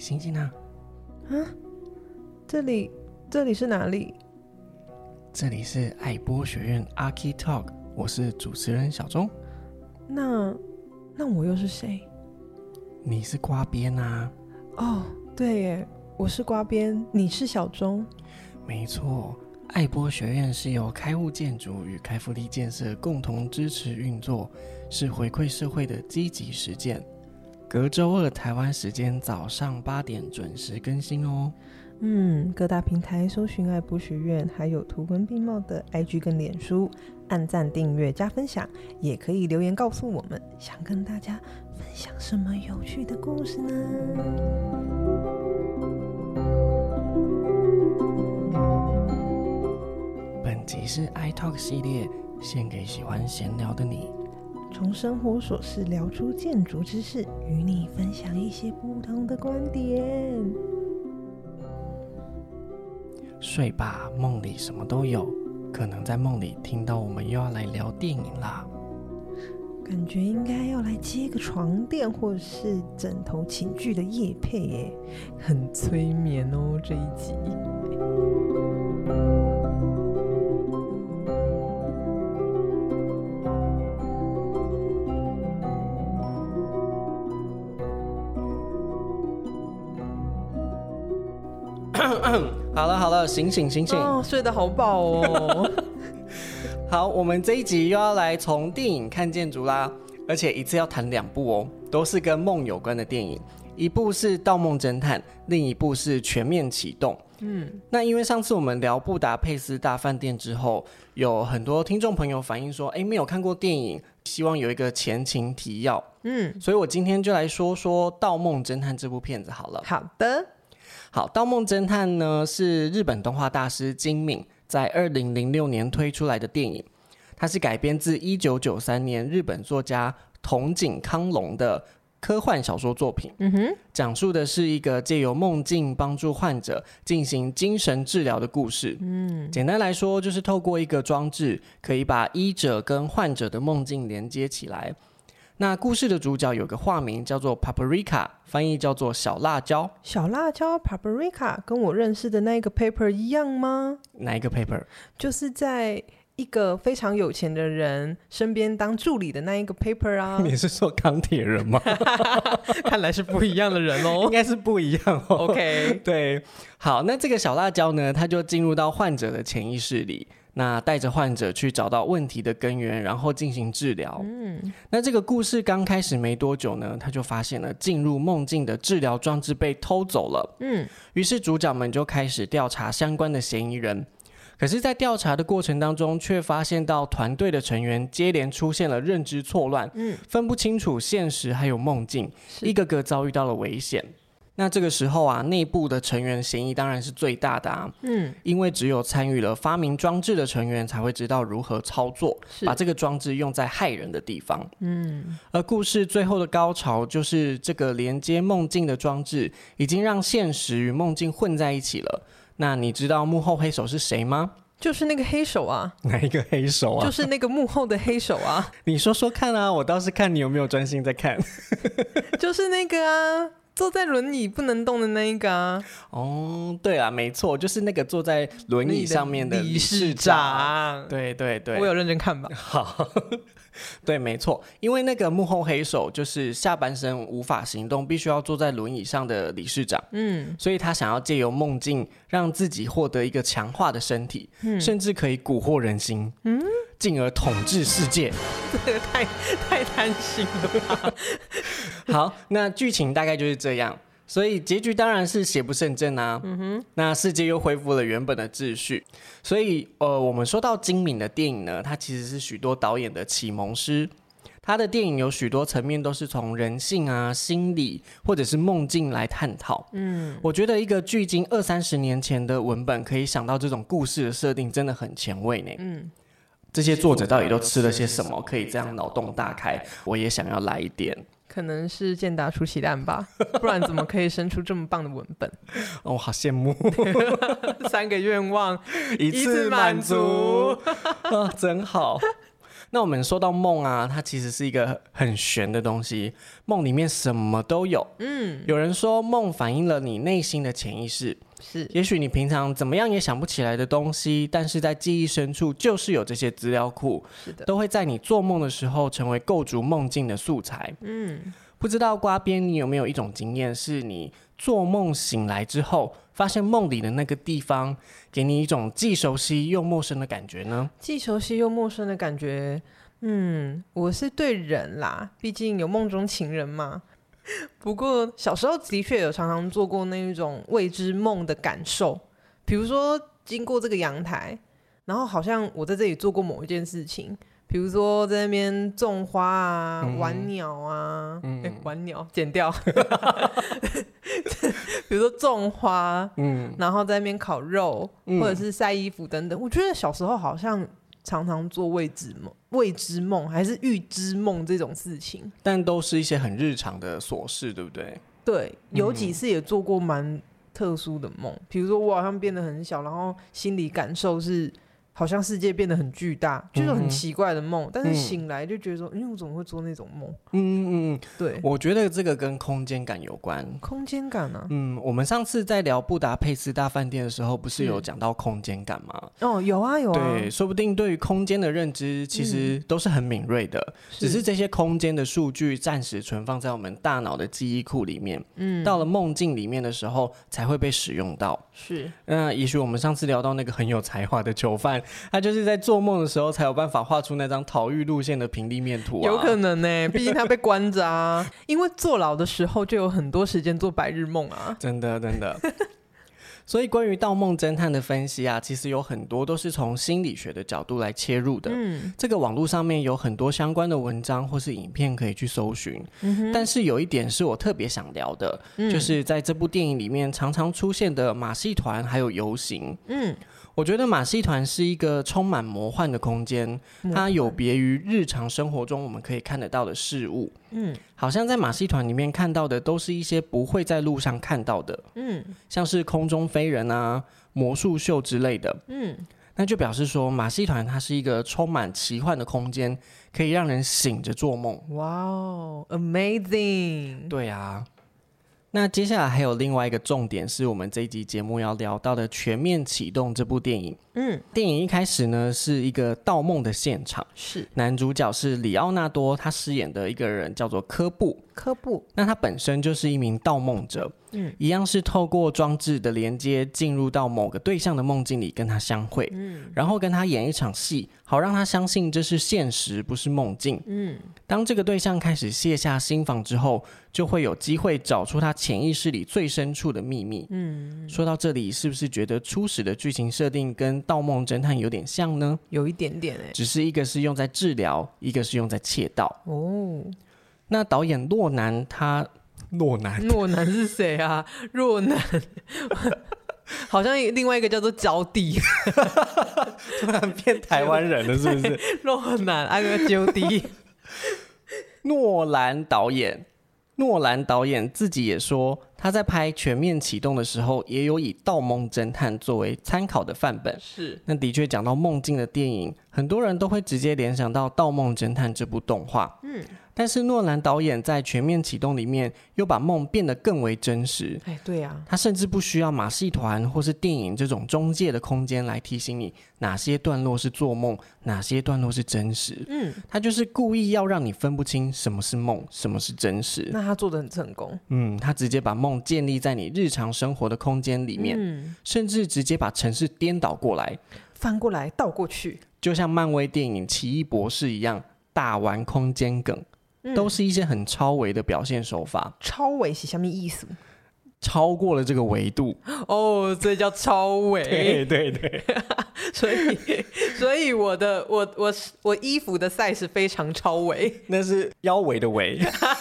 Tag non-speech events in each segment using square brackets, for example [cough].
星星呢？啊，啊，這裡這裡是哪裡？這裡是愛波學院 Archi Talk，我是主持人小鐘。那那我又是誰？你是呱編吶、啊？哦，oh, 對耶，我是呱編，你是小鐘。沒錯，愛波學院是由開物建築與開福利建設共同支持運作，是回饋社會的積極實踐。隔週二台灣時間早上八點準時更新哦。嗯，各大平台搜尋愛播學院，還有圖文並茂的 IG 跟臉書，按讚、訂閱、加分享，也可以留言告訴我們，想跟大家分享什麼有趣的故事呢？本集是 iTalk 系列，獻給喜歡閒聊的你。從生活瑣事聊出建築知識，與你分享一些不同的觀點。睡吧，夢裡什麼都有，可能在夢裡聽到我們又要來聊電影了。感覺應該要來接個床墊或是枕頭寢具的業配耶，很催眠哦這一集。嗯嗯，好了好了，醒醒醒醒，哦、睡得好飽哦。 [laughs] 好，我們這一集又要來從電影看建築啦，而且一次要談兩部哦，都是跟夢有關的電影，一部是《盜夢偵探》，另一部是《全面啟動》。嗯，那因為上次我們聊《布達佩斯大飯店》之後，有很多聽眾朋友反映說，哎、欸，沒有看過電影，希望有一個前情提要。嗯，所以我今天就來說說《盜夢偵探》這部片子好了。好的。好，盜夢偵《盜夢偵探》呢，是日本動畫大師今敏在二零零六年推出來的電影，它是改編自一九九三年日本作家筒井康隆的科幻小說作品。嗯哼，講述的是一個借由夢境幫助患者進行精神治療的故事。嗯，簡單來說，就是透過一個裝置，可以把醫者跟患者的夢境連接起來。那故事的主角有個化名叫做 Paprika，翻譯叫做小辣椒。小辣椒 Paprika 跟我認識的那一個 Paper 一樣嗎？哪一個 Paper？就是在一個非常有錢的人身邊當助理的那一個 Paper 啊？你是說鋼鐵人嗎？ [laughs] 看來是不一樣的人哦， [laughs] 應該是不一樣哦。OK，對，好，那這個小辣椒呢，它就進入到患者的潛意識裡。那帶着患者，去找到問題的根源，然後進行治療。嗯，那這個故事剛開始沒多久呢，他就發現了進入夢境的治療裝置被偷走了。嗯，於是主角們就開始調查相關的嫌疑人。可是，在調查的過程當中，卻發現到團隊的成員接連出現了認知錯亂，嗯，分不清楚現實還有夢境，是一個個遭遇到了危險。那這個時候啊，內部的成員嫌疑當然是最大的啊。嗯，因為只有參與了發明裝置的成員才會知道如何操作，是把這個裝置用在害人的地方。嗯，而故事最後的高潮就是這個連接夢境的裝置已經讓現實與夢境混在一起了。那你知道幕後黑手是誰嗎？就是那個黑手啊。哪一個黑手啊？就是那個幕後的黑手啊。 [laughs] 你說說看啊，我倒是看你有沒有專心在看。 [laughs] 就是那個啊。坐在輪椅不能動的那一個啊！哦，oh, 對了，啊，沒錯，就是那個坐在輪椅上面的理事長。理事長，對對對，我有認真看吧。好。 [laughs] 對，沒錯，因為那個幕後黑手就是下半身無法行動，必須要坐在輪椅上的理事長，嗯，所以他想要借由夢境讓自己獲得一個強化的身體，嗯，甚至可以蠱惑人心，嗯，進而統治世界，這個太太貪心了吧。 [laughs] 好，那劇情大概就是這樣。所以結局當然是邪不勝正啊。嗯哼，那世界又恢復了原本的秩序。所以，呃，我們說到今敏的電影呢，它其實是許多導演的啟蒙師。他的電影有許多層面都是從人性啊、心理或者是夢境來探討。嗯，我覺得一個距今二三十年前的文本可以想到這種故事的設定，真的很前衛呢。嗯，這些作者到底都吃了些什麼，可以這樣腦洞大開？嗯、我也想要來一點。可能是健達出奇蛋吧，不然怎麼可以生出這麼棒的文本？ [laughs] 哦，好羨慕！ [laughs] 三個願望 [laughs] 一次滿足，一次滿足、 [laughs] 啊，真好。那我們說到夢啊，它其實是一個很玄的東西，夢裡面什麼都有。嗯，有人說夢反映了你內心的潛意識。是，也許你平常怎麼樣也想不起來的東西，但是在記憶深處就是有這些資料庫，是的，都會在你做夢的時候成為構築夢境的素材。嗯，不知道呱編你有沒有一種經驗，是你做夢醒來之後，發現夢裡的那個地方，給你一種既熟悉又陌生的感覺呢？既熟悉又陌生的感覺，嗯，我是對人啦，畢竟有夢中情人嘛。不過小時候的確有常常做過那一種未知夢的感受，比如說經過這個陽台，然後好像我在這裡做過某一件事情，比如說在那邊種花啊、嗯、玩鳥啊，嗯、誒、玩鳥剪掉， [laughs] [laughs] 比如說種花，嗯，然後在那邊烤肉、嗯、或者是曬衣服等等，我覺得小時候好像。常常做未知夢、未知夢還是預知夢這種事情，但都是一些很日常的瑣事，對不對？對，有幾次也做過蠻特殊的夢，嗯、比如說我好像變得很小，然後心理感受是。好像世界變得很巨大，就是很奇怪的夢，嗯、哼但是醒來就覺得說，哎、嗯，我怎麼會做那種夢？嗯嗯嗯，對，我覺得這個跟空間感有關。空間感啊，嗯，我們上次在聊布達佩斯大飯店的時候，不是有講到空間感嗎？哦，有啊有啊，對，說不定對於空間的認知其實都是很敏銳的，嗯、只是這些空間的數據暫時存放在我們大腦的記憶庫裡面，嗯，到了夢境裡面的時候才會被使用到。是，那也許我們上次聊到那個很有才華的囚犯。他就是在做夢的時候才有辦法畫出那張逃獄路線的平立面圖，有可能呢。畢竟他被關着啊，因為坐牢的時候就有很多時間做白日夢啊。真的，真的。所以關於《盜夢偵探》的分析啊，其實有很多都是從心理學的角度來切入的。嗯，這個網絡上面有很多相關的文章或是影片可以去搜尋。但是有一點是我特別想聊的，就是在這部電影裡面常常出現的馬戲團還有遊行。嗯。我覺得馬戲團是一個充滿魔幻的空間，Wow. 它有別於日常生活中我們可以看得到的事物。嗯，好像在馬戲團裡面看到的都是一些不會在路上看到的。嗯，像是空中飛人啊、魔術秀之類的。嗯，那就表示說馬戲團它是一個充滿奇幻的空間，可以讓人醒着做夢。哇哦 Wow，amazing！對啊。那接下來還有另外一個重點，是我們這一集節目要聊到的《全面啟動》這部電影。嗯，電影一開始呢，是一個盜夢的現場，是男主角是李奧納多，他飾演的一個人叫做科布、柯布，那他本身就是一名盜夢者，嗯，一樣是透過裝置的連接進入到某個對象的夢境裡跟他相會，嗯，然後跟他演一場戲，好讓他相信這是現實不是夢境，嗯，當這個對象開始卸下心防之後，就會有機會找出他潛意識裡最深處的秘密，嗯，嗯，說到這裡是不是覺得初始的劇情設定跟盜夢偵探有點像呢，有一點點、欸、只是一個是用在治療，一個是用在竊盜哦。那導演諾南他諾南諾南是誰啊？諾南 [laughs] [laughs] 好像另外一個叫做焦弟， [laughs] [laughs] 突然變台灣人了是不是？諾 [laughs] 南安哥焦弟諾蘭導演，諾蘭導演自己也說。他在拍《全面啟動》的時候，也有以《盜夢偵探》作為參考的範本。是，那的確講到夢境的電影，很多人都會直接聯想到《盜夢偵探》這部動畫。嗯，但是諾蘭導演在《全面啟動》裡面又把夢變得更為真實。哎，對啊，他甚至不需要馬戲團或是電影這種中介的空間來提醒你哪些段落是做夢，哪些段落是真實。嗯，他就是故意要讓你分不清什麼是夢，什麼是真實。那他做得很成功。嗯，他直接把夢。建立在你日常生活的空間裡面，嗯、甚至直接把城市顛倒過來、翻過來、倒過去，就像漫威電影《奇異博士》一樣，大玩空間梗，嗯、都是一些很超維的表現手法。超維是什麼意思？超過了這個維度哦，這叫超維。對對對，所以， [laughs] [laughs] 所以所以我的我我我衣服的 size 非常超維，那是腰圍的圍。 [laughs]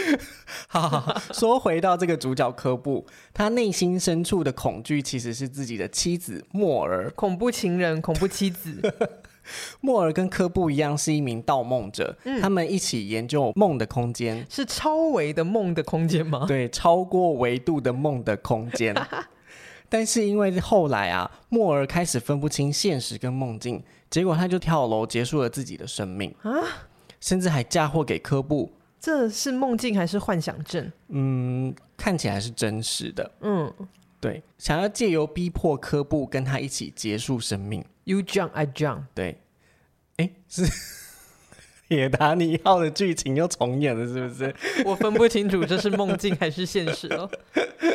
[laughs] 好，好，好，說回到這個主角科布， [laughs] 他內心深處的恐懼其實是自己的妻子莫爾，墨兒，恐怖情人，恐怖妻子。莫爾 [laughs] 跟科布一樣是一名盜夢者，嗯、他們一起研究夢的空間，是超維的夢的空間嗎？對，超過維度的夢的空間。 [laughs] 但是因為後來啊，莫爾開始分不清現實跟夢境，結果他就跳樓結束了自己的生命啊，甚至還嫁禍給科布。這是夢境還是幻想症？嗯，看起來是真實的。嗯，對，想要借由逼迫柯布跟他一起結束生命。You jump, I jump。對，哎、欸，是《鐵達尼號》的劇情又重演了，是不是？我分不清楚這是夢境還是現實哦。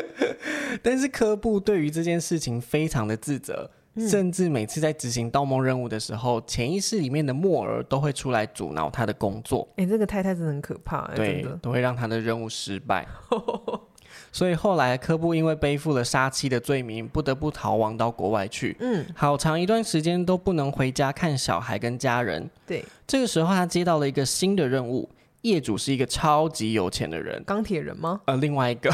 [laughs] 但是柯布對於這件事情非常的自責。甚至每次在執行盜夢任務的時候，潛意識裡面的默爾都會出來阻撓他的工作。哎、欸，這個太太真的很可怕、欸，對真的都會讓他的任務失敗。 [laughs] 所以後來科布因為背負了殺妻的罪名，不得不逃亡到國外去。嗯，好長一段時間都不能回家看小孩跟家人。對，這個時候他接到了一個新的任務。業主是一個超級有錢的人，鋼鐵人嗎？呃，另外一個，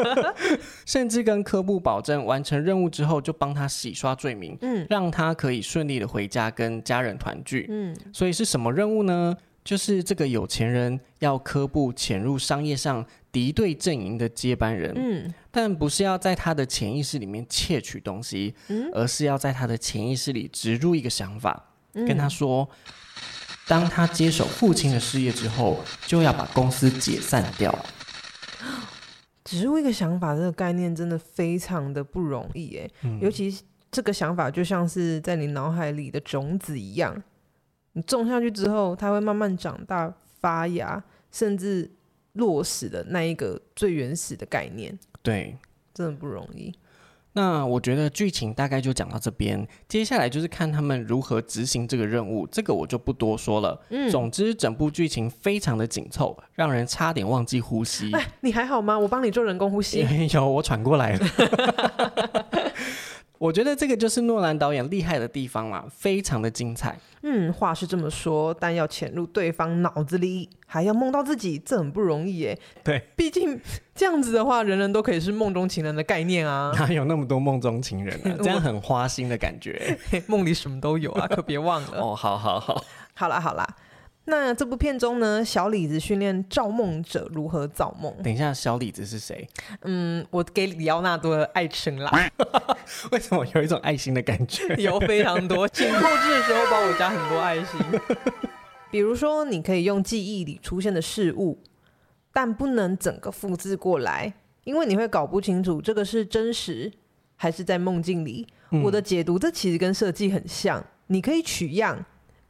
[laughs] 甚至跟科布保證，完成任務之後就幫他洗刷罪名，嗯，讓他可以順利的回家跟家人團聚，嗯，所以是什麼任務呢？就是這個有錢人要科布潛入商業上敵對陣營的接班人，嗯，但不是要在他的潛意識裡面竊取東西，嗯，而是要在他的潛意識裡植入一個想法，嗯，跟他說。當他接手父親的事業之後，就要把公司解散掉。只是我一個想法，這個概念真的非常的不容易哎，嗯。尤其這個想法就像是在你腦海裡的種子一樣，你種下去之後，它會慢慢長大、發芽，甚至落實的那一個最原始的概念。對，真的不容易。那我覺得劇情大概就講到這邊，接下來就是看他們如何執行這個任務，這個我就不多說了。嗯，總之整部劇情非常的緊湊，讓人差點忘記呼吸。哎，你還好嗎？我幫你做人工呼吸。沒、欸、有，我喘過來了。 [laughs] [laughs] 我覺得這個就是諾蘭導演厲害的地方啦，非常的精彩。嗯，話是這麼說，但要潛入對方腦子裡，還要夢到自己，這很不容易耶。對，畢竟這樣子的話，人人都可以是夢中情人的概念啊，哪有那麼多夢中情人啊？ [laughs] 我 這樣很花心的感覺， [laughs] 夢裡什麼都有啊，可別忘了 [laughs] 哦。好好好，好啦好啦。那這部片中呢，小李子訓練造夢者如何造夢？等一下，小李子是誰？嗯，我給李奧納多愛情啦。 [laughs] 為什麼有一種愛心的感覺？ [laughs] 有非常多情，請複製的時候幫我加很多愛心。 [laughs] 比如說，你可以用記憶裡出現的事物，但不能整個複製過來，因為你會搞不清楚這個是真實還是在夢境裡。嗯，我的解讀，這其實跟設計很像，你可以取樣。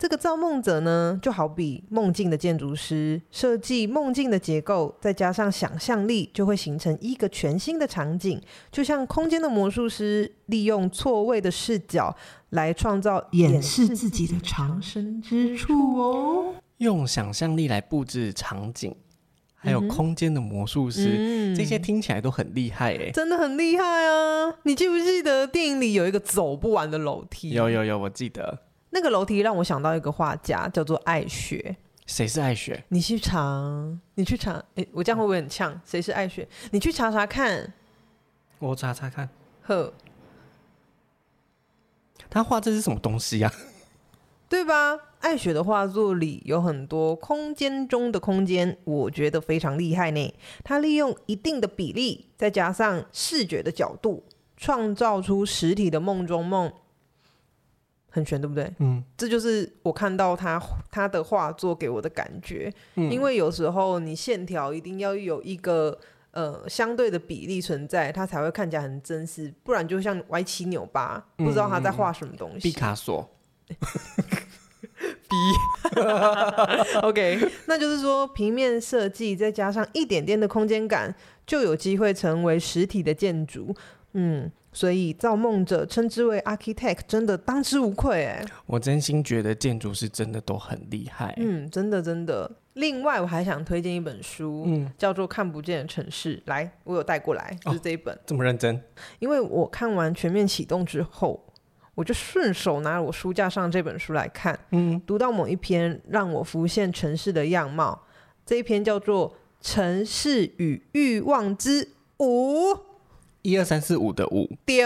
這個造夢者呢，就好比夢境的建築師，設計夢境的結構，再加上想象力，就會形成一個全新的場景。就像空間的魔術師，利用錯位的視角來創造、掩飾自己的藏身之處哦。用想象力來布置場景，還有空間的魔術師，嗯嗯、這些聽起來都很厲害誒、欸，真的很厲害啊！你記不記得電影裡有一個走不完的樓梯？有有有，我記得。那個樓梯讓我想到一個畫家，叫做艾雪。誰是艾雪？你去查，你去查，誒、欸，我這樣會不會很嗆？誰是艾雪？你去查查看。我查查看。呵，他畫這是什麼東西呀、啊？對吧？艾雪的畫作裡有很多空間中的空間，我覺得非常厲害呢。他利用一定的比例，再加上視覺的角度，創造出實體的夢中夢。很全，對不對？嗯，這就是我看到他他的畫作給我的感覺。嗯,因為有時候你線條一定要有一個呃相對的比例存在，它才會看起來很真實，不然就像歪七扭八，嗯，不知道他在畫什麼東西。畢卡索，畢，OK，那就是說平面設計再加上一點點的空間感，就有機會成為實體的建築。嗯。所以，造夢者稱之為 Architect，真的當之無愧哎，、欸！我真心覺得建築是真的都很厲害、欸，嗯，真的真的。另外，我還想推薦一本書，嗯、叫做《看不見的城市》。來，我有帶過來，就是這一本。哦、這麼認真？因為我看完全面啟動之後，我就順手拿了我書架上這本書來看，嗯，讀到某一篇讓我浮現城市的樣貌，這一篇叫做《城市與欲望之五》。一二三四五的五 d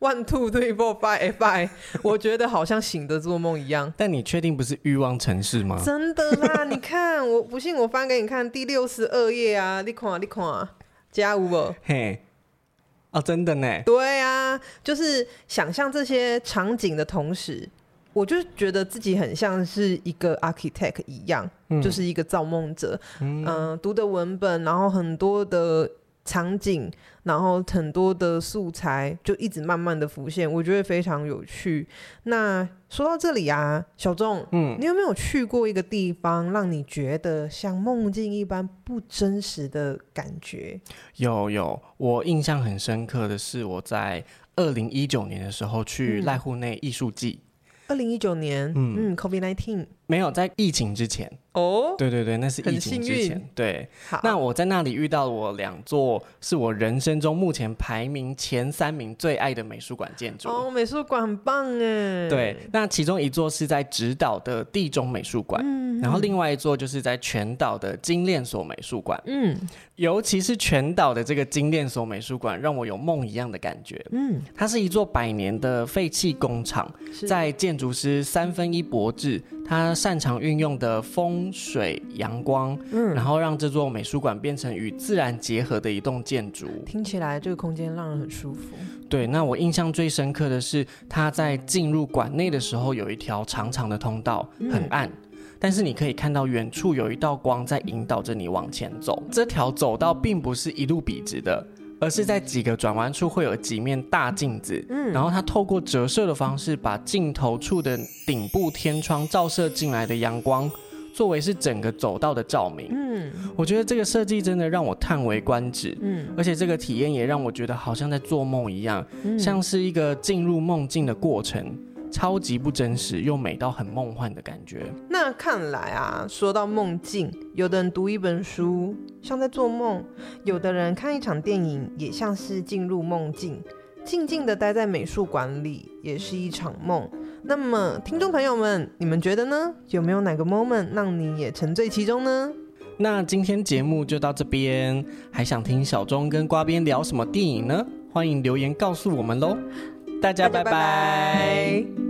one two three four five five，我覺得好像醒的做夢一樣。 [laughs] 但你確定不是欲望城市嗎？真的啦， [laughs] 你看，我不信，我翻給你看第六十二頁啊，你看，你看，加五哦嘿，哦，真的呢？對啊，就是想象這些場景的同時，我就覺得自己很像是一個 architect 一樣，嗯、就是一個造夢者。嗯、呃，讀的文本，然後很多的。場景，然後很多的素材就一直慢慢的浮現，我覺得非常有趣。那說到這裡啊，小鍾，嗯，你有沒有去過一個地方，讓你覺得像夢境一般不真實的感覺？有有，我印象很深刻的是，我在二零一九年的時候去瀨戶內藝術季。二零一九年，嗯，嗯，COVID-19。沒有，在疫情之前哦，對對對，那是疫情之前對。好那我在那裡遇到了我兩座，是我人生中目前排名前三名最愛的美術館建築哦，美術館很棒哎。對，那其中一座是在直島的地中美術館，嗯、然後另外一座就是在全島的精煉所美術館。嗯，尤其是全島的這個精煉所美術館，讓我有夢一樣的感覺。嗯，它是一座百年的廢棄工廠，是在建築師三分一博志。他擅長運用的風水陽光，嗯，然後讓這座美術館變成與自然結合的一棟建築。聽起來這個空間讓人很舒服。對，那我印象最深刻的是，他在進入館內的時候，有一條長長的通道，很暗，嗯，但是你可以看到遠處有一道光在引導着你往前走。這條走道並不是一路筆直的。而是在幾個轉彎處會有幾面大鏡子，嗯、然後它透過折射的方式，把盡頭處的頂部天窗照射進來的陽光，作為是整個走道的照明，嗯，我覺得這個設計真的讓我嘆為觀止，嗯，而且這個體驗也讓我覺得好像在做夢一樣，嗯、像是一個進入夢境的過程。超級不真實又美到很夢幻的感覺。那看來啊，說到夢境，有的人讀一本書像在做夢，有的人看一場電影也像是進入夢境，靜靜地待在美術館裡也是一場夢。那麼，聽眾朋友們，你們覺得呢？有沒有哪個 moment 讓你也沉醉其中呢？那今天節目就到這邊，還想聽小鍾跟呱編聊什麼電影呢？歡迎留言告訴我們嘍。大家拜拜。拜拜，拜拜。